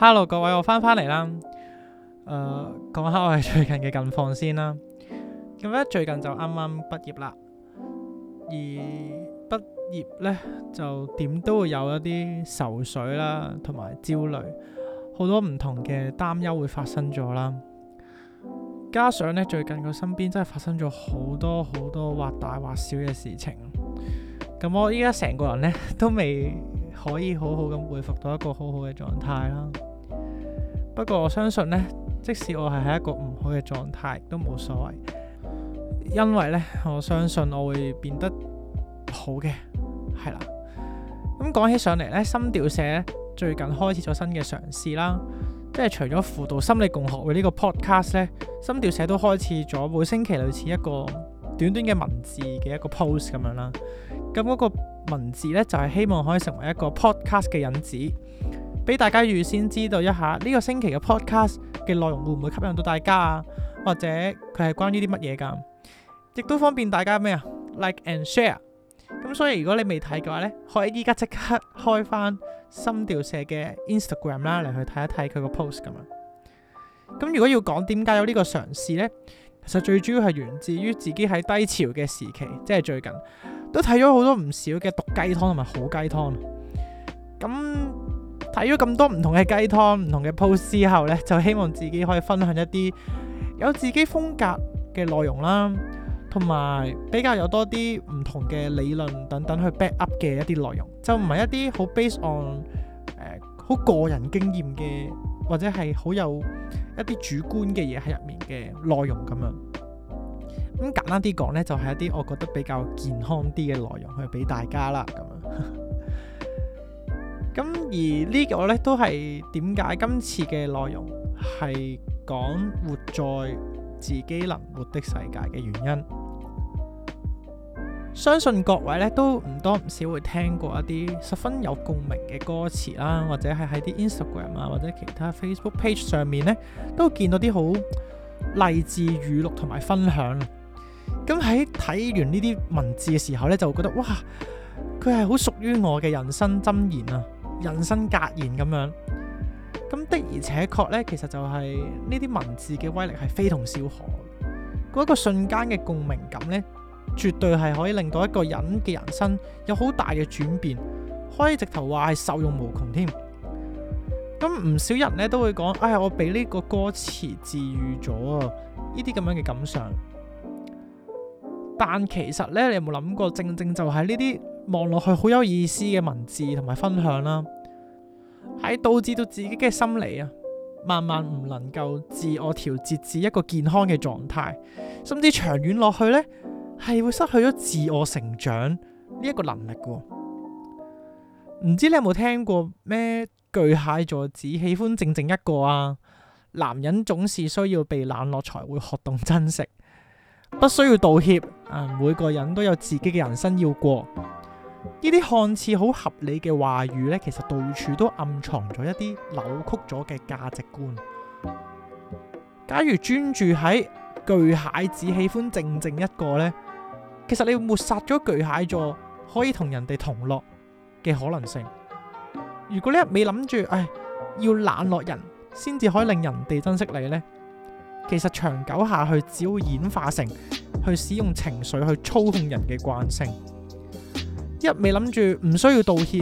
Hello 各位，我翻返嚟啦。誒、呃，講下我係最近嘅近況先啦。咁、嗯、咧最近就啱啱畢業啦，而畢業咧就點都會有一啲愁緒啦，同埋焦慮，好多唔同嘅擔憂會發生咗啦。加上咧最近我身邊真係發生咗好多好多或大或小嘅事情，咁我依家成個人咧都未可以好好咁恢復到一個好好嘅狀態啦。不過我相信咧，即使我係喺一個唔好嘅狀態，都冇所謂，因為咧，我相信我會變得好嘅，係啦。咁、嗯、講起上嚟咧，心調社最近開始咗新嘅嘗試啦，即係除咗輔導心理共學會呢個 podcast 咧，心調社都開始咗每星期類似一個短短嘅文字嘅一個 post 咁樣啦。咁、嗯、嗰、那個文字呢，就係、是、希望可以成為一個 podcast 嘅引子。俾大家預先知道一下呢個星期嘅 podcast 嘅內容會唔會吸引到大家啊？或者佢係關於啲乜嘢噶？亦都方便大家咩啊？Like and share。咁所以如果你未睇嘅話呢，可以依家即刻開翻心調社嘅 Instagram 啦，嚟去睇一睇佢個 post 咁啊。咁如果要講點解有呢個嘗試呢？其實最主要係源自於自己喺低潮嘅時期，即係最近都睇咗好多唔少嘅毒雞湯同埋好雞湯。咁睇咗咁多唔同嘅雞湯、唔同嘅 post 之後呢，就希望自己可以分享一啲有自己風格嘅內容啦，同埋比較有多啲唔同嘅理論等等去 back up 嘅一啲內容，就唔係一啲好 based on 誒、呃、好個人經驗嘅，或者係好有一啲主觀嘅嘢喺入面嘅內容咁樣。咁簡單啲講呢，就係、是、一啲我覺得比較健康啲嘅內容去俾大家啦咁樣。 咁而個呢個呢，都係點解今次嘅內容係講活在自己能活的世界嘅原因。相信各位呢都唔多唔少會聽過一啲十分有共鳴嘅歌詞啦，或者係喺啲 Instagram 啊，或者其他 Facebook page 上面呢，都見到啲好勵志語錄同埋分享。咁喺睇完呢啲文字嘅時候呢，就會覺得哇，佢係好屬於我嘅人生真言啊！人生格言，咁樣，咁的而且確呢，其實就係呢啲文字嘅威力係非同小可。嗰一個瞬間嘅共鳴感呢，絕對係可以令到一個人嘅人生有好大嘅轉變，可以直頭話係受用無窮添。咁唔少人呢，都會講：哎，我俾呢個歌詞治愈咗啊！呢啲咁樣嘅感想。但其實呢，你有冇諗過？正正就係呢啲。望落去好有意思嘅文字同埋分享啦、啊，喺導致到自己嘅心理啊，慢慢唔能夠自我調節至一個健康嘅狀態，甚至長遠落去呢，係會失去咗自我成長呢一個能力噶、啊。唔知你有冇聽過咩巨蟹座只喜歡靜靜一個啊？男人總是需要被冷落才會學懂珍惜，不需要道歉啊。每個人都有自己嘅人生要過。呢啲看似好合理嘅話語呢，其實到處都暗藏咗一啲扭曲咗嘅價值觀。假如專注喺巨蟹只喜歡靜靜一個呢，其實你會抹殺咗巨蟹座可以同人哋同樂嘅可能性。如果你一味諗住，唉，要冷落人先至可以令人哋珍惜你呢，其實長久下去只會演化成去使用情緒去操控人嘅慣性。一味諗住唔需要道歉，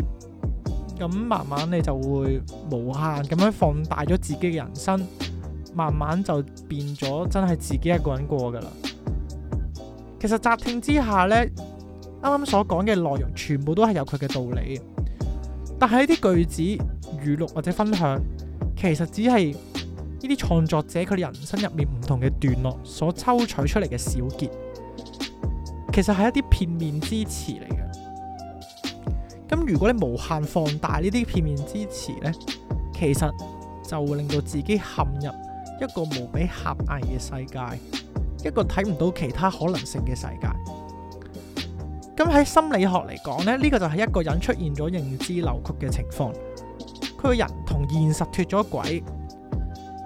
咁慢慢你就會無限咁樣放大咗自己嘅人生，慢慢就變咗真係自己一個人過㗎啦。其實乍聽之下呢，啱啱所講嘅內容全部都係有佢嘅道理，但係一啲句子語錄或者分享，其實只係呢啲創作者佢哋人生入面唔同嘅段落所抽取出嚟嘅小結，其實係一啲片面之詞嚟嘅。咁如果你無限放大呢啲片面之詞呢，呢其實就會令到自己陷入一個無比狹隘嘅世界，一個睇唔到其他可能性嘅世界。咁喺心理學嚟講呢，呢個就係一個人出現咗認知扭曲嘅情況，佢個人同現實脫咗軌，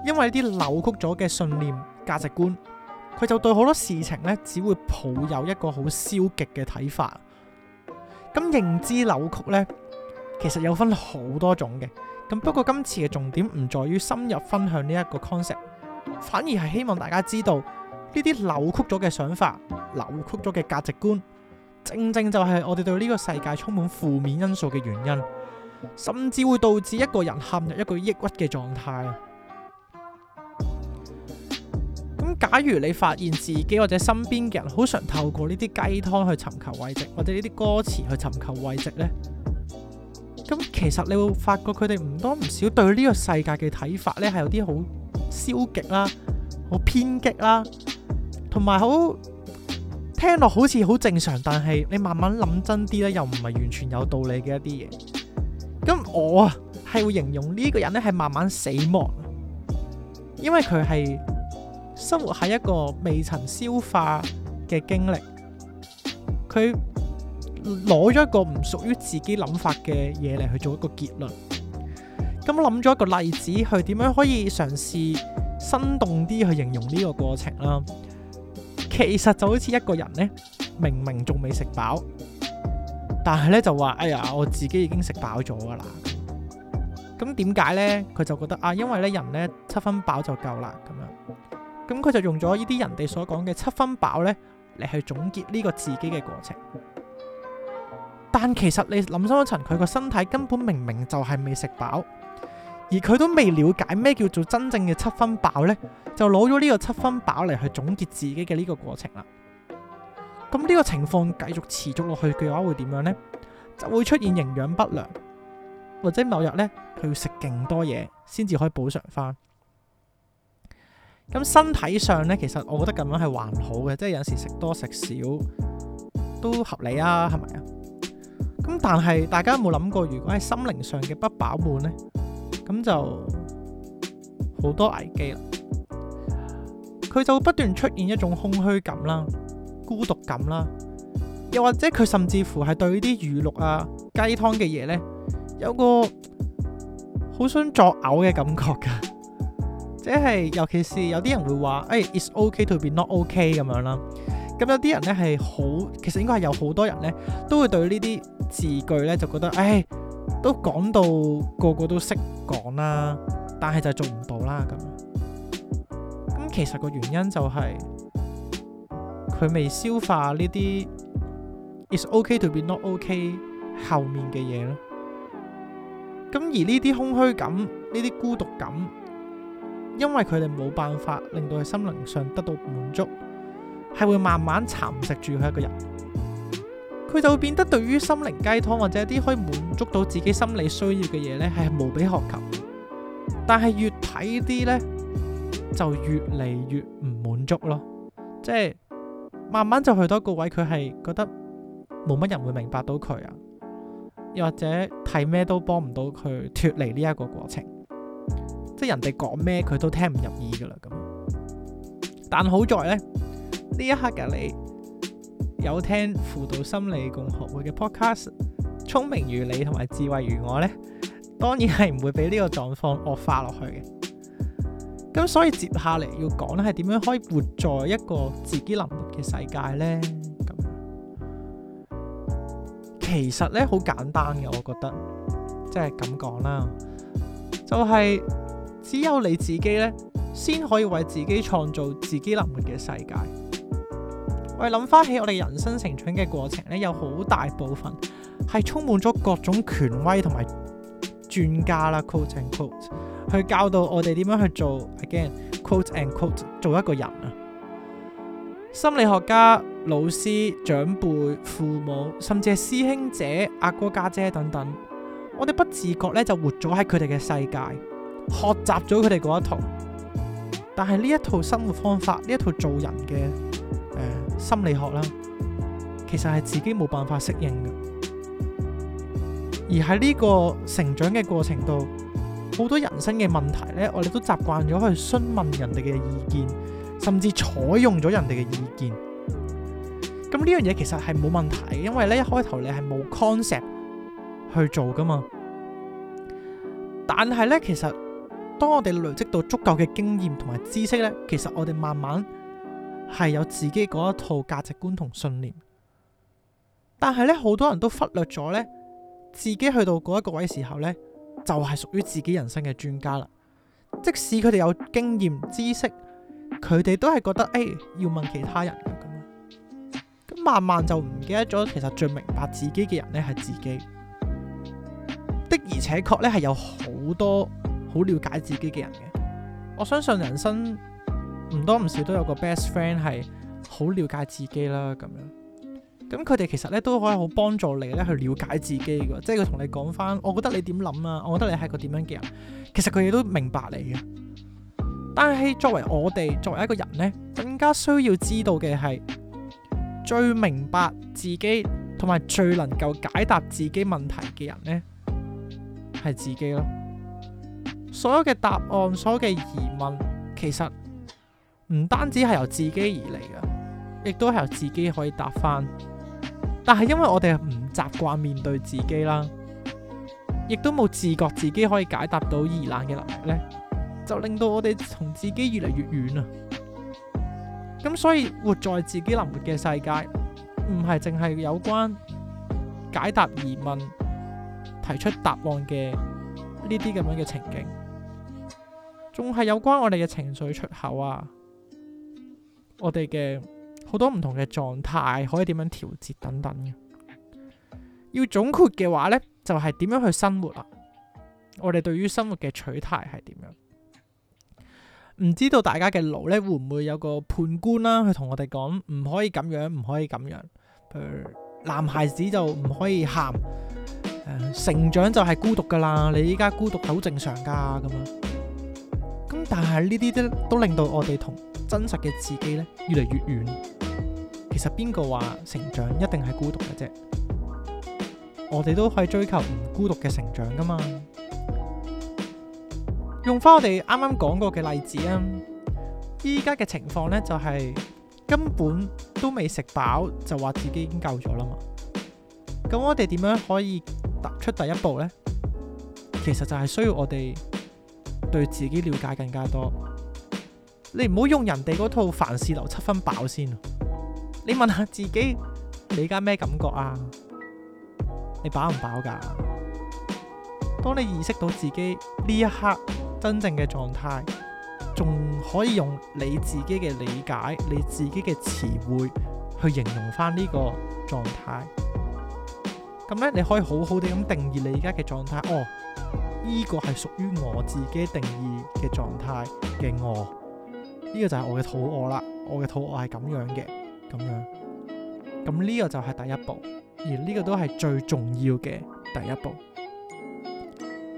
因為啲扭曲咗嘅信念價值觀，佢就對好多事情呢，只會抱有一個好消極嘅睇法。咁認知扭曲呢，其實有分好多種嘅。咁不過今次嘅重點唔在於深入分享呢一個 concept，反而係希望大家知道呢啲扭曲咗嘅想法、扭曲咗嘅價值觀，正正就係我哋對呢個世界充滿負面因素嘅原因，甚至會導致一個人陷入一個抑鬱嘅狀態。假如你發現自己或者身邊嘅人好常透過呢啲雞湯去尋求慰藉，或者呢啲歌詞去尋求慰藉呢，咁其實你會發覺佢哋唔多唔少對呢個世界嘅睇法呢係有啲好消極啦，好偏激啦，同埋好聽落好似好正常，但係你慢慢諗真啲呢，又唔係完全有道理嘅一啲嘢。咁我呀，係會形容呢個人呢係慢慢死亡，因為佢係。生活係一個未曾消化嘅經歷，佢攞咗一個唔屬於自己諗法嘅嘢嚟去做一個結論。咁諗咗一個例子，佢點樣可以嘗試生動啲去形容呢個過程啦？其實就好似一個人呢，明明仲未食飽，但係呢就話：哎呀，我自己已經食飽咗㗎喇。咁點解呢？佢就覺得啊，因為呢人呢，七分飽就夠啦，咁樣。咁佢就用咗呢啲人哋所講嘅七分飽呢嚟去總結呢個自己嘅過程，但其實你諗深一層，佢個身體根本明明就係未食飽，而佢都未了解咩叫做真正嘅七分飽呢，就攞咗呢個七分飽嚟去總結自己嘅呢個過程啦。咁呢個情況繼續持續落去嘅話會點樣呢？就會出現營養不良，或者某日呢，佢要食勁多嘢先至可以補償翻。咁身體上呢，其實我覺得咁樣係還好嘅，即係有時食多食少都合理啊，係咪啊？咁但係大家有冇諗過，如果係心靈上嘅不飽滿呢，咁就好多危機啦。佢就不斷出現一種空虛感啦、孤獨感啦，又或者佢甚至乎係對啲魚肉啊、雞湯嘅嘢呢，有個好想作嘔嘅感覺㗎。即係，尤其是有啲人會話，誒，it's okay to be not okay 咁樣啦。咁有啲人咧係好，其實應該係有好多人咧都會對呢啲字句咧就覺得，唉，都講到個個都識講啦，但係就做唔到啦咁。咁其實個原因就係佢未消化呢啲 it's okay to be not okay 後面嘅嘢咯。咁而呢啲空虛感、呢啲孤獨感，因為佢哋冇辦法令到佢心靈上得到滿足，係會慢慢蠶食住佢一個人，佢就會變得對於心靈雞湯或者一啲可以滿足到自己心理需要嘅嘢呢係無比渴求。但係越睇啲呢，就越嚟越唔滿足咯，即係慢慢就去到一個位，佢係覺得冇乜人會明白到佢啊，又或者睇咩都幫唔到佢脫離呢一個過程。即人哋講咩，佢都聽唔入耳噶啦。咁但好在呢，呢一刻嘅你有聽輔導心理共學會嘅 podcast《聰明如你》同埋《智慧如我》呢，當然係唔會俾呢個狀況惡化落去嘅。咁所以接下嚟要講咧，係點樣可以活在一個自己能活嘅世界呢？咁其實呢，好簡單嘅，我覺得即係咁講啦，就係、是。就是只有你自己呢，先可以為自己創造自己能活嘅世界。我哋諗翻起我哋人生成長嘅過程呢，有好大部分係充滿咗各種權威同埋專家啦 （quote and quote）。去教導我哋點樣去做，again（quote and quote）。做一個人啊，心理學家、老師、長輩、父母，甚至係師兄姐、阿哥、家姐等等，我哋不自覺咧就活咗喺佢哋嘅世界。學習咗佢哋嗰一套，但係呢一套生活方法，呢一套做人嘅、呃、心理學啦，其實係自己冇辦法適應嘅。而喺呢個成長嘅過程度，好多人生嘅問題呢，我哋都習慣咗去詢問人哋嘅意見，甚至採用咗人哋嘅意見。咁呢樣嘢其實係冇問題，因為呢一開頭你係冇 concept 去做噶嘛。但係呢，其實當我哋累積到足夠嘅經驗同埋知識呢，其實我哋慢慢係有自己嗰一套價值觀同信念。但係呢，好多人都忽略咗呢，自己去到嗰一個位嘅時候呢，就係屬於自己人生嘅專家啦。即使佢哋有經驗、知識，佢哋都係覺得誒、欸、要問其他人嘅咁。咁慢慢就唔記得咗，其實最明白自己嘅人呢係自己。的而且確呢，係有好多。好了解自己嘅人嘅，我相信人生唔多唔少都有個 best friend 係好了解自己啦，咁樣，咁佢哋其實咧都可以好幫助你咧去了解自己嘅。即係佢同你講翻，我覺得你點諗啊，我覺得你係個點樣嘅人，其實佢哋都明白你嘅，但係作為我哋作為一個人咧，更加需要知道嘅係最明白自己同埋最能夠解答自己問題嘅人咧，係自己咯。所有嘅答案、所有嘅疑問，其實唔單止係由自己而嚟嘅，亦都係由自己可以答翻。但係因為我哋係唔習慣面對自己啦，亦都冇自覺自己可以解答到疑難嘅能力呢，就令到我哋同自己越嚟越遠啊。咁所以活在自己能活嘅世界，唔係淨係有關解答疑問、提出答案嘅呢啲咁樣嘅情景。仲係有關我哋嘅情緒出口啊，我哋嘅好多唔同嘅狀態可以點樣調節等等嘅。要總括嘅話呢，就係、是、點樣去生活啊？我哋對於生活嘅取態係點樣？唔知道大家嘅腦呢，會唔會有個判官啦、啊？去同我哋講唔可以咁樣，唔可以咁樣。譬如男孩子就唔可以喊、呃。成長就係孤獨噶啦，你依家孤獨係好正常噶咁啊！咁但係呢啲都都令到我哋同真實嘅自己咧，越嚟越遠。其實邊個話成長一定係孤獨嘅啫？我哋都可以追求唔孤獨嘅成長噶嘛。用翻我哋啱啱講過嘅例子啊，依家嘅情況呢，就係根本都未食飽就話自己已經夠咗啦嘛。咁我哋點樣可以踏出第一步呢？其實就係需要我哋。對自己了解更加多，你唔好用人哋嗰套凡事留七分飽先。你問下自己，你而家咩感覺啊？你飽唔飽㗎？當你意識到自己呢一刻真正嘅狀態，仲可以用你自己嘅理解、你自己嘅詞彙去形容翻呢個狀態。咁咧，你可以好好地咁定義你而家嘅狀態。哦，呢個係屬於我自己定義嘅狀態嘅餓。呢個就係我嘅肚餓啦，我嘅肚餓係咁樣嘅，咁樣。咁呢個就係第一步，而呢個都係最重要嘅第一步。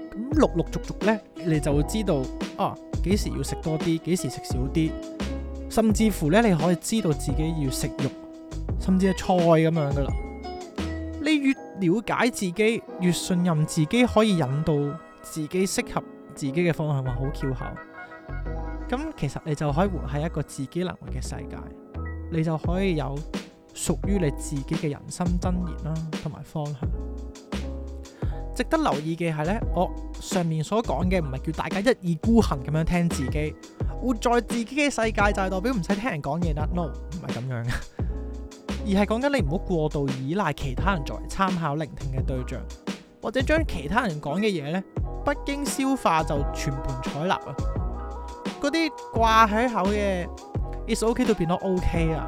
咁陸陸續續咧，你就會知道啊，幾時要食多啲，幾時食少啲。甚至乎咧，你可以知道自己要食肉，甚至係菜咁樣噶啦。你越了解自己，越信任自己，可以引導自己適合自己嘅方向，話好巧口。咁其實你就可以活喺一個自己能活嘅世界，你就可以有屬於你自己嘅人生真言啦，同埋方向。值得留意嘅係呢，我上面所講嘅唔係叫大家一意孤行咁樣聽自己，活在自己嘅世界就係代表唔使聽人講嘢啦，no，唔係咁樣嘅。而係講緊你唔好過度依賴其他人作為參考聆聽嘅對象，或者將其他人講嘅嘢呢，不經消化就全盤採納啊！嗰啲掛喺口嘅，it's okay 都變得 OK 啊、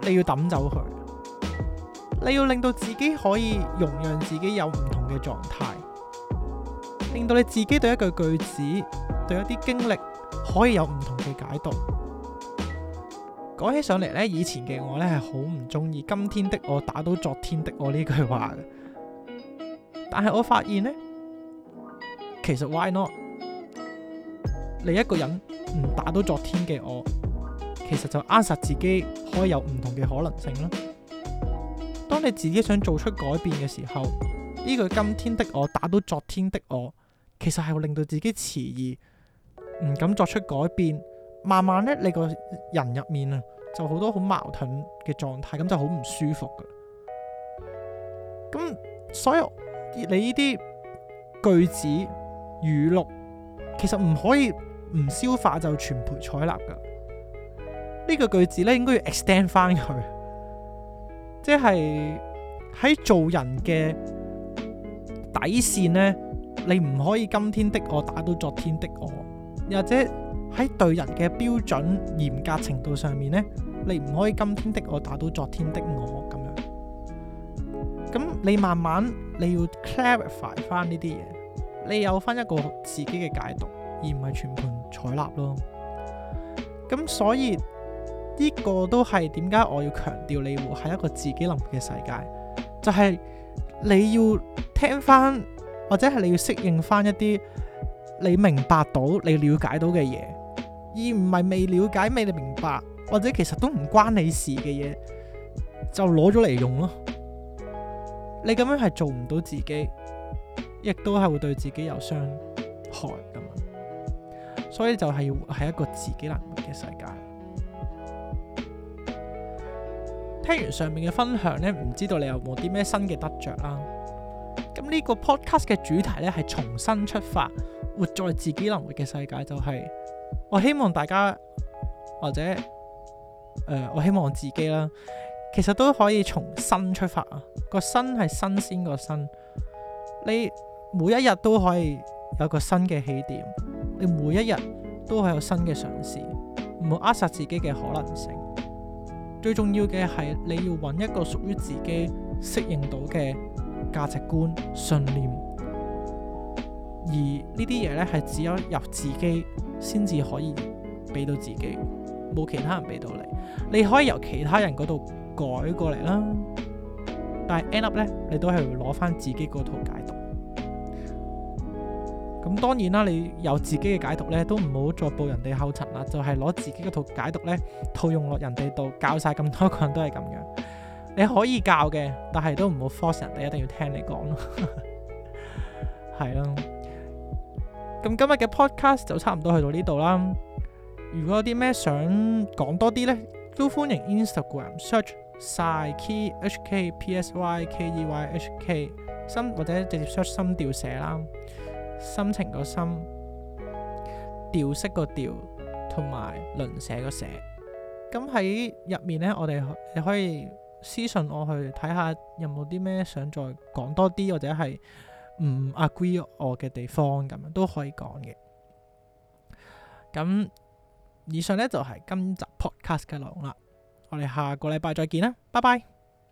okay！你要抌走佢，你要令到自己可以容讓自己有唔同嘅狀態，令到你自己對一句句子，對一啲經歷可以有唔同嘅解讀。講起上嚟呢，以前嘅我呢係好唔中意今天的我打到昨天的我呢句話嘅，但係我發現呢，其實 why not？你一個人唔打到昨天嘅我，其實就扼殺自己可以有唔同嘅可能性啦。當你自己想做出改變嘅時候，呢句今天的我打到昨天的我，其實係會令到自己遲疑，唔敢作出改變。慢慢咧，你個人入面啊，就好多好矛盾嘅狀態，咁就好唔舒服噶。咁所以你呢啲句子、語錄，其實唔可以唔消化就全盤採納噶。呢、這個句子咧，應該要 extend 翻佢，即係喺做人嘅底線呢，你唔可以今天的我打到昨天的我，又或者。喺對人嘅標準嚴格程度上面呢，你唔可以今天的我打到昨天的我咁樣。咁你慢慢你要 clarify 翻呢啲嘢，你有翻一個自己嘅解讀，而唔係全盤採納咯。咁所以呢個都係點解我要強調你活喺一個自己諗嘅世界，就係你要聽翻，或者係你要適應翻一啲你明白到、你了解到嘅嘢。而唔係未了解、未明白，或者其實都唔關你事嘅嘢，就攞咗嚟用咯。你咁樣係做唔到自己，亦都係會對自己有傷害噶嘛。所以就係要係一個自己能活嘅世界。聽完上面嘅分享呢，唔知道你有冇啲咩新嘅得着啦。咁呢個 podcast 嘅主題呢，係從新出發，活在自己能活嘅世界，就係、是。我希望大家或者誒、呃，我希望自己啦，其實都可以從新出發啊。個新係新鮮個新，你每一日都可以有個新嘅起點，你每一日都係有新嘅嘗試，唔會扼殺自己嘅可能性。最重要嘅係你要搵一個屬於自己適應到嘅價值觀、信念，而呢啲嘢呢，係只有由自己先至可以俾到自己，冇其他人俾到你。你可以由其他人嗰度改過嚟啦，但係 end up 咧，你都係會攞翻自己嗰套解讀。咁當然啦，你有自己嘅解讀咧，都唔好再報人哋後塵啦。就係攞自己嗰套解讀咧套用落人哋度，教晒咁多個人都係咁樣。你可以教嘅，但係都唔好 force 人哋一定要聽你講咯。係 咯。咁今日嘅 podcast 就差唔多去到呢度啦。如果有啲咩想講多啲呢，都歡迎 Instagram search psyhk，psykeyhk 心、e、或者直接 search 心調寫啦，心情個心，調色個調，同埋輪寫個寫。咁喺入面呢，我哋你可以私信我去睇下有冇啲咩想再講多啲，或者係。唔 agree 我嘅地方咁樣都可以講嘅。咁以上呢，就係今集 podcast 嘅內容啦。我哋下個禮拜再見啦，拜拜。